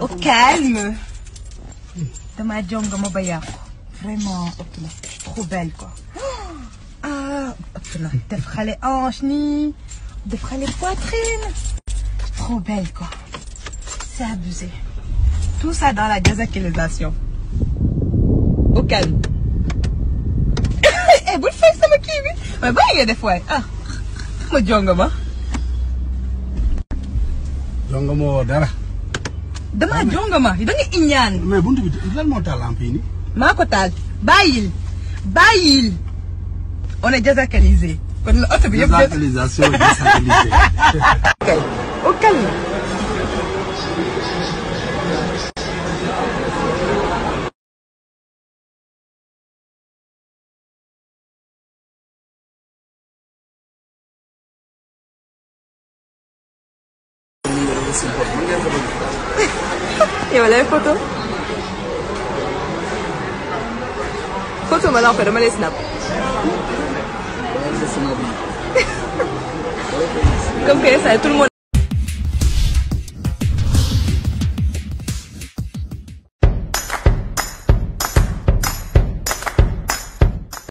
au calme. damaa jongama ba yàqu. vraiment ëpp na trop belle quoi. ah ëpp na def xale hanche nii def xale poitrine. trop belle quoi. c'est abusé. tout ça dans la diazakilisation. au calme. bul fay sama kii bi mais bàyyi nga def waay ah ma jongama. jonga ma woo dara. damaa jonga ma da nga iñaan. mais buntu bi lan moo taal lamp yi nii. maa ko taal bàyyil bàyyil on est la oto bi yëpp désacralisation désacralisé. photo si bopp mën ngeen photo yow lay photo photo ma laa ko dama lay snap comme que ça tout le monde